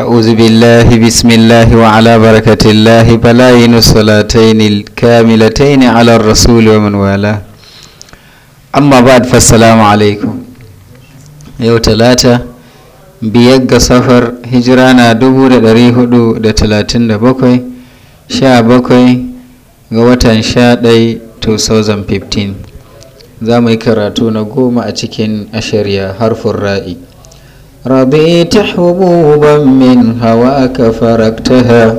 أعوذ بالله بسم الله وعلى بركة الله بلاين الصلاتين الكاملتين على الرسول ومن والاه أما بعد فالسلام عليكم يوم ثلاثة biyar ga safar hijira na 437 17 ga watan 11 2015 za mu yi karatu na goma a cikin ashirya harfin ra'i ربيت حبوبا من هواك فركتها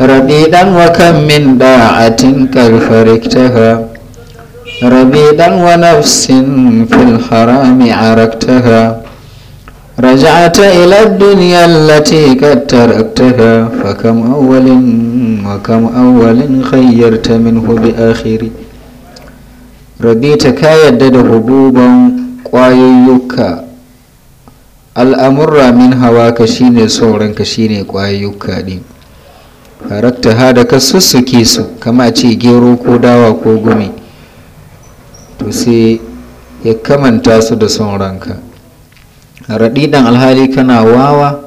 ربيدا وكم من داعة قد فركتها ربيدا ونفس في الحرام عركتها رجعت إلى الدنيا التي قد تركتها فكم أول وكم أول خيرت منه بآخر ربيتك يدد حبوبا ويوكا al'amurra min hawa ne shine ka shi shine ƙwayoyuka ne harakta ha da ka sussuke su kama ce gero ko dawa ko gumi to sai ya kamanta su da ka raɗi raɗiɗan alhali kana wawa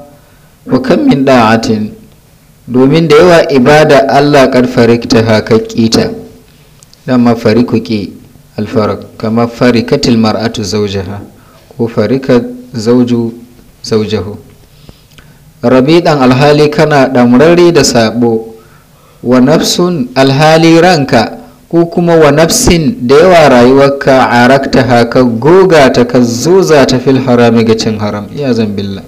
wa kan min da'atin domin da yawa ibada allah ƙarfarikta ta, haka ƙita dama farikuki alfarak kama farikatil mar'atu zaujaha ko farikat zauju zaujahu dan alhali kana ɗamrari da sabo wa nafsun alhali ranka ko kuma wa nafsin da yawa rayuwarka a rakta haka goga ta ka zoza ta fil harami ga cin haram iya zambilla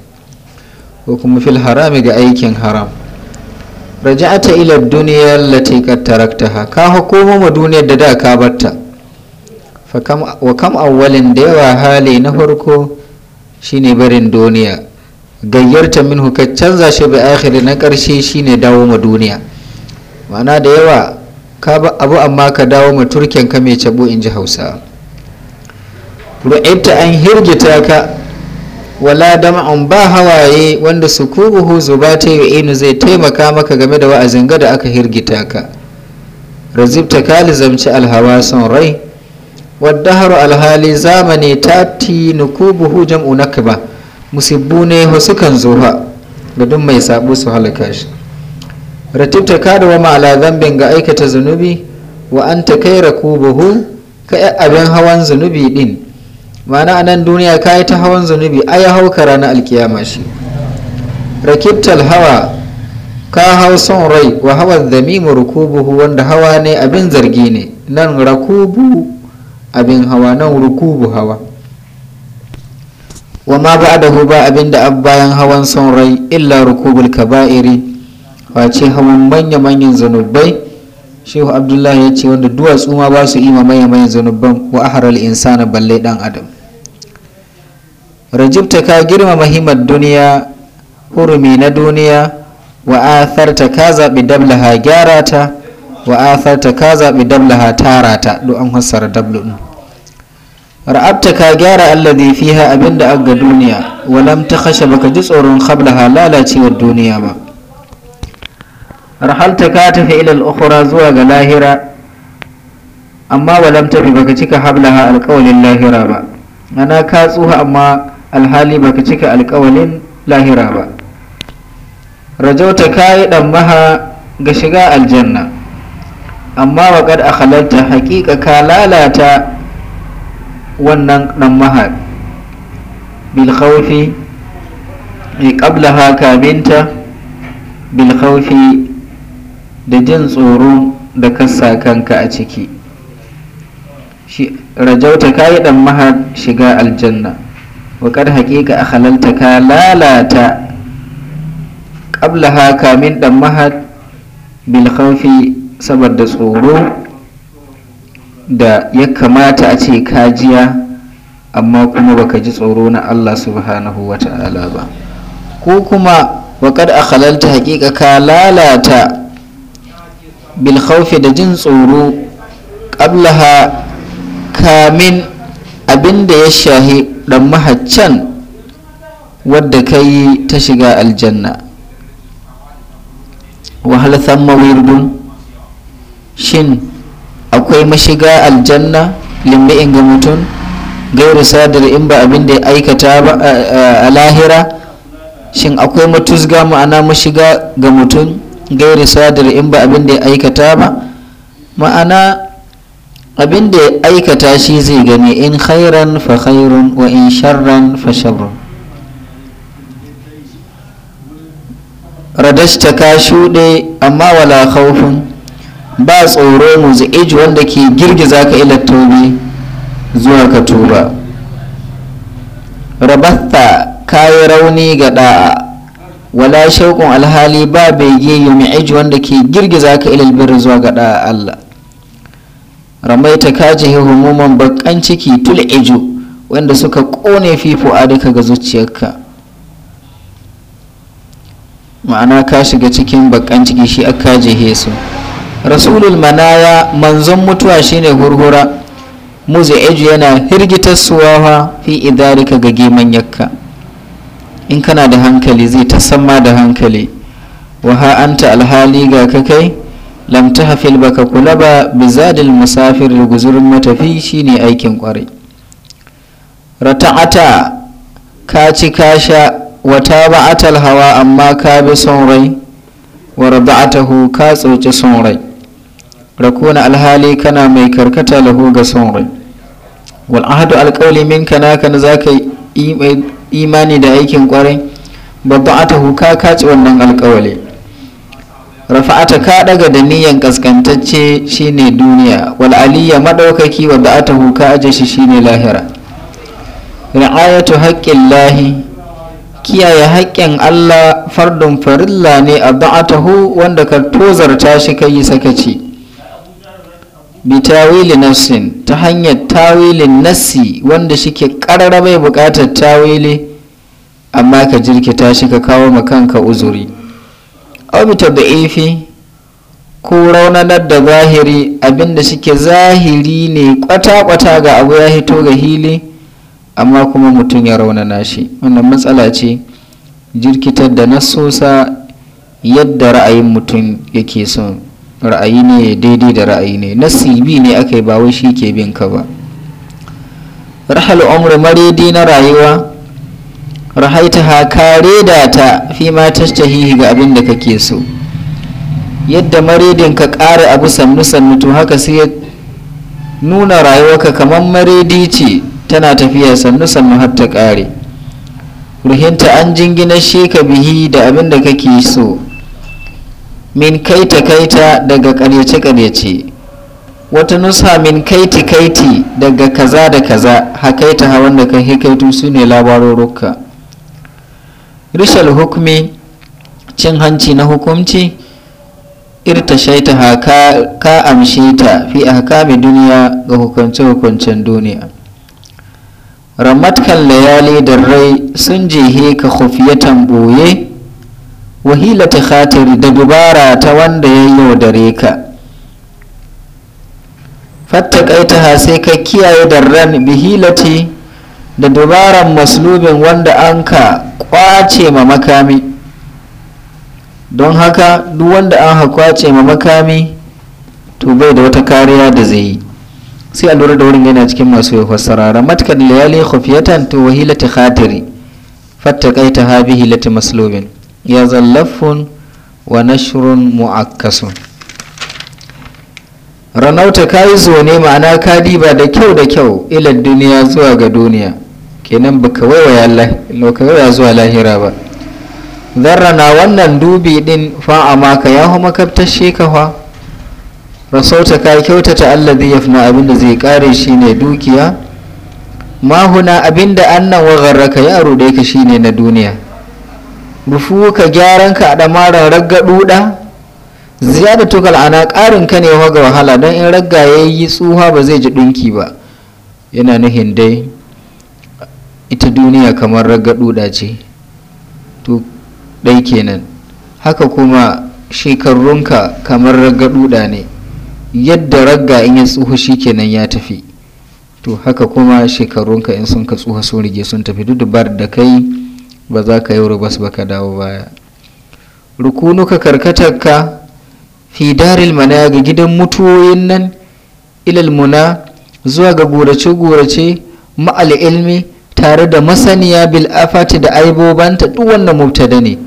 ko kuma fil harami ga aikin haram raja'ata ila duniya lati qad ha ka hukuma ma duniya da da ka batta wa kam awwalin da yawa hali na farko shine barin duniya gayyarta minhu ka canza shi bi akhiri na karshe shine dawo ma duniya ma'ana da yawa ka ba abu amma ka dawo ma turken ka mai cabo in ji hausa ru'aita an hirgita ka wala dama an ba hawaye wanda su sukubuhu zubata Inu zai taimaka maka game da wa'azin gada aka hirgita ka razibta ka lizamci alhawa son rai wadda waddaharu alhali zamani tati nukubuhu jam'u nakba musibbu ne ho sukan zo ha ga duk mai sabo su halaka shi ratibta kada wa ma'ala zambin ga aikata zunubi wa an ta kai rakubuhu ka abin hawan zunubi din ma'ana a nan duniya kayi ta hawan zunubi a ya hauka ranar alkiyama shi rakibtal hawa ka hau son rai wa hawan zamimu rukubuhu wanda hawa ne abin zargi ne nan rakubu abin hawa nan rukubu hawa wa ma ba da ba abin da ab bayan hawan son rai illa rukubul kaba'iri face hawan manya-manyan zanubai shehu abdullahi ya ce wanda duwatsu ma ba su ima manya-manyan zanubban wa aharal insana balle dan adam rajibta ka girmama himar duniya hurumi na duniya wa atharta ka zaɓi dablaha gyara ta wa atharta ka zaɓi dablaha tara ta duk an hassara dablu ra'abta ka gyara alladhi fiha abinda aga duniya walam ta kashe baka ji tsoron qabla lalacewar duniya ba rahalta ka tafi ilal ukhra zuwa ga lahira amma lam tafi baka cika hablaha alƙawalin lahira ba ana ka tsuha amma alhali baka cika alƙawalin lahira ba rajauta ka yi maha ga shiga aljanna amma wa a halarta haƙiƙa ka lalata wannan ɗan mahar bil khawfi eh, qablaha haka bil khawfi da jin tsoro da kasa kanka a ciki rajauta kayi ɗan mahar shiga aljanna waƙar haƙiƙa a halalta ka lalata ƙabla haka min ɗan mahal bilhaufi saboda tsoro da ya kamata a ce kajiya amma kuma baka ji tsoro na Allah subhanahu wa ta'ala ba ko kuma waƙar a halalta haƙiƙa ka lalata bilkhaufi da jin tsoro ƙablaha kamin abin da ya shahi ɗan mahaccan wadda ka yi ta shiga aljanna wahal thamma wirdun shin akwai mashiga aljanna limbi'in ga mutum gairu sadar in ba abin da ya aikata ba a lahira shin akwai matuzga ma'ana mashiga ga mutum gairu sadar in ba abin da ya aikata ba ma'ana abin da ya aikata shi zai gani in khairan fa khairun wa in sharran fa sharrun radashta ka shuɗe amma wala khawfun ba tsoro muzi'ij wanda ke girgiza ka ila tobi zuwa ka tuba rabatta kayi rauni ga da'a wala shaukun alhali ba bege yumi'ij wanda ke girgiza ka ila birri zuwa ga da'a Allah ramaita kajihi humuman bakan ciki tul'iju wanda suka kone fifo a duka ga zuciyarka ma'ana ka shiga cikin bakan ciki shi aka jehe su rasulul manaya manzon mutuwa shine gurgura muzi'iju yana hirgitar suwawa fi idarika ga giman yakka in kana da hankali zai ta samma da hankali wa ha anta alhali ga ka kai lam tahfil baka kula ba zadil musafir guzurin matafi shine aikin kwarai rata'ata ka ci ka sha wata ba’atal hawa amma ka bi son rai wa rada'atahu ka tsoci son rai rakuna alhali kana mai karkata lahu ga son rai wal ahadu minka naka na zaka imani da aikin kwarai babba'ata huka ka ci wannan alƙawali rafa'ata ka daga da niyan kaskantacce shine duniya wal aliyya madaukaki wa ba'ata huka aje shi shine lahira ri'ayatu lahi kiyaye haƙƙin Allah fardun farilla ne a ba'atahu wanda ka tozarta shi kai sakaci bitawili nafsin ta hanyar tawilin nasi wanda shike ƙarara mai bukatar tawili amma ka jirkita shi ka kawo ma kanka uzuri obita ba'ifi ko raunanar da zahiri abinda shike zahiri ne kwata-kwata ga abu ya hito ga hili amma kuma mutum ya raunana shi wannan matsala ce jirkitar da nasosa yadda ra'ayin mutum yake son ra'ayi ne daidai da ra'ayi ne nasibi ne aka yi ba shi ke bin ka ba rahal umru maredi na rayuwa rahaita ha kare da ta fi ma tashtahihi ga abin da kake so yadda maredin ka kare abu sannu sannu to haka sai ya nuna ka kamar maredi ce tana tafiya sannu sannu har ta kare ruhinta an jingina shi ka bihi da abin da kake so min kaita kaita daga karyace karyace wata nusa min kaiti kaiti daga kaza da kaza hakaita hawan da kan hikaitu su ne labarorukka rishal hukumi cin hanci na hukumci irtashaita haka ka amshe ta fi a mai duniya ga hukunce-hukuncen duniya ramatkan layali da rai sun jihe ka kufiyatan boye wahila ta khatiri da dubara ta wanda ya yaudare ka ta sai ka kiyaye darren bihilati da dubaran maslubin wanda an ka kwace ma makami don haka duk wanda an ha kwace ma makami to bai da wata kariya da zai yi sai a lura da wurin yana cikin masu yau fassarara matkar layali khufiyatan to wahilati khatiri fattakaitaha bihilati maslubin ya wa nashrun mu'akkasun ranauta ka yi zone ma'ana ka diba da kyau da kyau ilar duniya zuwa ga duniya kenan baka waiwaya zuwa lahira ba zarrana wannan dubi din fa fa'ama ka ya hau kaftar shekawa rasauta ka kyautata zai yafna da zai kare shi ne dukiya mahuna abinda annan wa garraka ya rude ka shine na duniya ka ka da a ragga duda ziyada tukal ana karin ka ne ga wahala Dan in ragga ya yi tsuha ba zai ji dinki ba yana nuhin dai ita duniya kamar ragga duda ce to dai kenan haka kuma shekarunka kamar ragga duda ne yadda ragga in ya tsuhu shi kenan ya tafi to haka kuma shekarunka in sun ka tsuha sun rige sun tafi duk da da kai ba za ka yi rubas ba ka dawo baya rukunuka karkatarka fi daril mana ga gidan mutuwoyin nan ilal muna zuwa ga gurace-gurace ma'al ilmi tare da masaniya bil afati da aibobanta duk wannan mubtada ne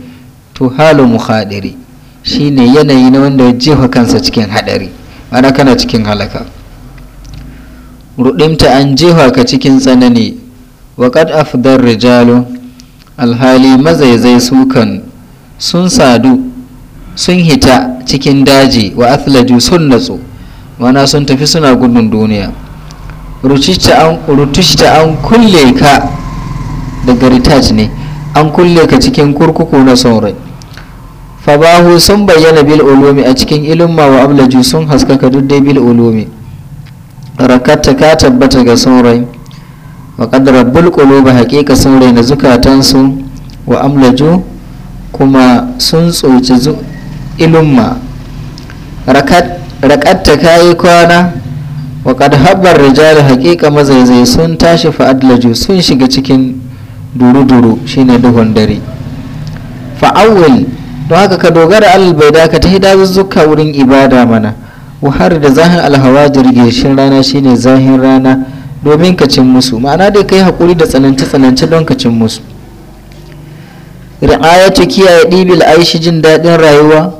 to halu muhadiri shine yanayi na wanda ya jefa kansa cikin hadari ana kana cikin halaka rudimta an jefa ka cikin tsanani wa afdar rijalu alhali mazaizai sukan sun sadu sun hita cikin daji wa athlaju sun natsu mana sun tafi suna gudun duniya rutishta an kulle ka daga ritaj ne an kulle ka cikin kurkuku na saurai fabahu sun bayyana bil ulumi a cikin ilimma wa ablaju sun haskaka duk dai bil ulumi rakatta ka tabbata ga saurai wa qadara bulqulu haƙiƙa sun raina zukatansu wa amlaju kuma sun tsoci ilumma rakatta kayi kwana wa habbar rijali haƙiƙa mazaizai sun tashi fa'adlaju sun shiga cikin duru-duru shine duhun dare fa'awil don haka ka dogara alal bai daka ta zuzzuka wurin ibada mana wahar da zahin alhawa jirgishin rana shine zahin rana domin ka cin musu ma'ana dai kai haƙuri da tsanance-tsanance don ka cin musu ta kiyaye ɗibil aishi jin daɗin rayuwa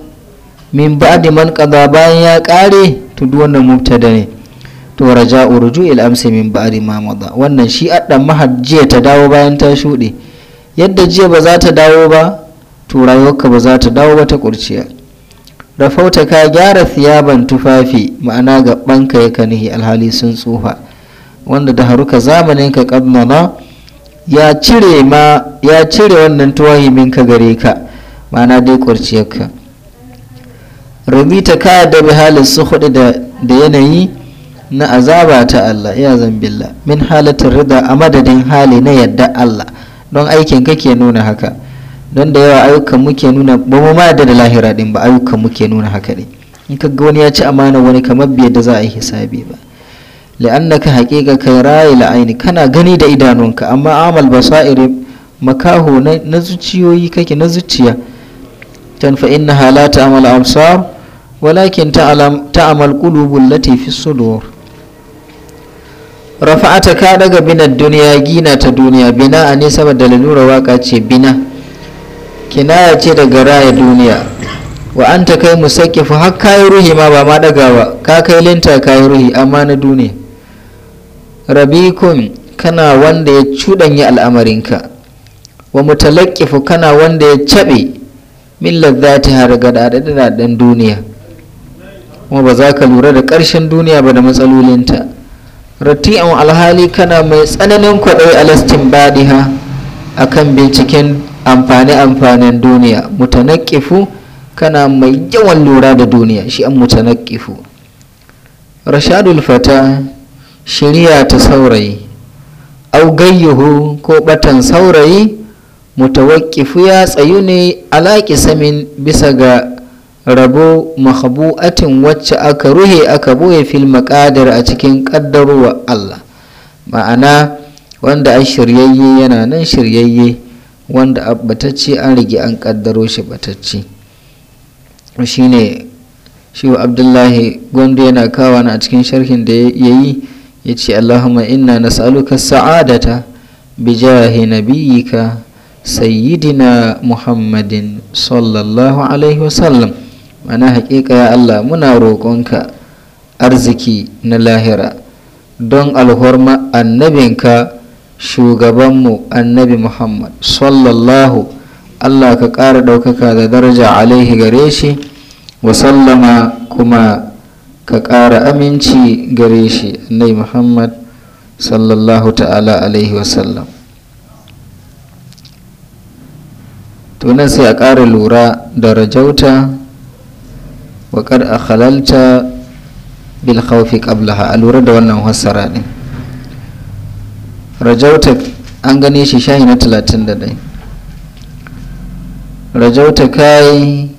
min da man qada bayan ya ƙare to duk wannan mubtada ne to uruju il amsi min ba da mada wannan shi addan mahajjiya ta dawo bayan ta shuɗe yadda jiya ba za ta dawo ba to rayuwarka ba za ta dawo ba ta kurciya rafauta ka gyara siyaban tufafi ma'ana ga banka ya kanihi alhali sun tsufa wanda da haruka zamanin ka kadnana ya cire ma ya cire wannan tuwahimin ka gare ka ma'ana dai kurciyarka rubita ka da halin su hudu da yanayi na azaba ta Allah ya zambilla min halatin rida a madadin hali na yadda Allah don aikin ka ke nuna haka don da yawa ayyukan muke nuna ba mu ma da lahira din ba ayyukan muke nuna haka ne in ka ga wani ya ci amana wani kamar biyar da za a yi hisabi ba li'annaka haƙiƙa kai raye la'aini kana gani da idanunka amma amal basairi makaho na zuciyoyi kake na zuciya tan fa inna ta amal absar walakin ta'amal qulubul lati fi sudur rafa'ata ka daga bina duniya gina ta duniya bina a ne saboda lalura waka ce bina kinaya ce daga raya duniya wa an ta kai musakkifu har kayi ruhi ma ba ma dagawa ka kai linta kayi ruhi amma na duniya rabikun kana wanda ya cuɗanya al'amarinka wa mutalakifu kana wanda ya caɓe za ta har ga daɗaɗaɗen duniya kuma ba za ka lura da ƙarshen duniya ba da matsalolinta rati'an alhali kana mai tsananin kwaɗayi alastin badiha a kan binciken amfani-amfanin duniya Mutanakifu kana mai yawan lura da duniya shi an mutanakifu. rashadul fata shirya ta saurayi au gayyuhu ko batan saurayi mutawakkifu ya tsayu ne alaƙi samin bisa ga rabo mahabu'atin wacce aka ruhe aka boye fil maƙadar a cikin ƙaddarowa Allah ma'ana wanda an shiryayye yana nan shiryayye wanda batacce an rige an ƙaddaro shi batacce shine shi wa abdullahi gondo yana kawana a cikin sharhin da ya yi yace Allahumma inna nas'aluka sa'adata jahi nabiyyika sayyidina Muhammadin sallallahu alaihi wasallam mana haƙiƙa ya Allah muna roƙonka arziki na lahira don alhorma annabinka shugabanmu annabi Muhammad sallallahu Allah ka ƙara ɗaukaka da daraja alaihi gare shi wa sallama kuma ka ƙara aminci gare shi nai muhammad sallallahu ta'ala alaihi wasallam tunan sai a ƙara lura da rajauta wa ƙar a halalta bil khawfi a lura da wannan hassara ne rajauta an gane shi shahi na talatin da ɗai rajauta kayi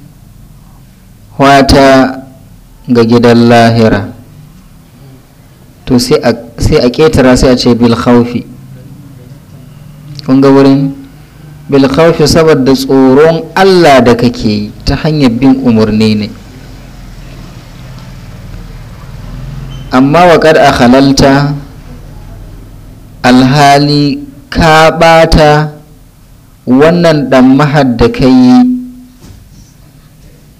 wata ga gidan lahira to sai a ƙetara sai a ce bilhaufi kun ga wurin bilhaufi saboda tsoron allah da kake yi ta hanyar bin umarni ne amma waƙar a halalta alhali ka ɓata wannan ɗan mahad da ka yi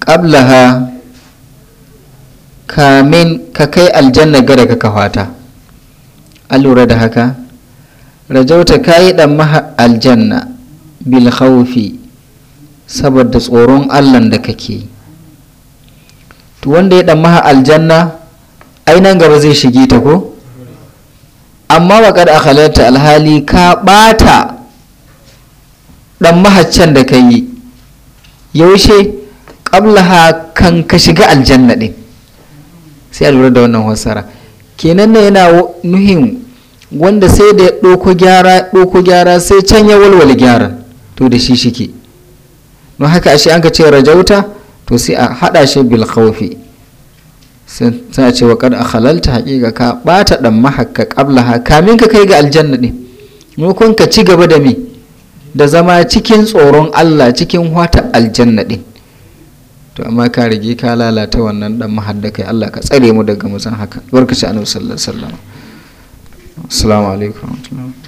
ƙablaha kamin ka kai aljanna gada ka kawata allura lura da haka rajauta ka yi ɗan maha aljanna bil khawfi saboda tsoron allan da kake to wanda ya ɗan maha aljanna ainihin gaba zai shige ta ko amma ba kada akhalarta alhali ka ɓata ɗan mahaccen da ka yi yaushe ƙablaha kan ka shiga aljanna ɗin sai a lura da wannan wasara kenan ne yana nuhin wanda sai da ya gyara gyara sai can ya walwale gyaran to da shi shike no haka ashe an ka ce rajauta to sai a haɗa shi bil khawfi sai a ce wa kad haƙiƙa ka ɓata ɗan mahakka ha kamin ka kai ga aljanna ɗin kun ka ci gaba da me da zama cikin tsoron Allah cikin wata aljanna din to amma ka rige ka lalata wannan dan mahaddakai Allah ka tsare mu daga musan haka barkaci annabi sallallahu alaihi wasallam assalamu alaikum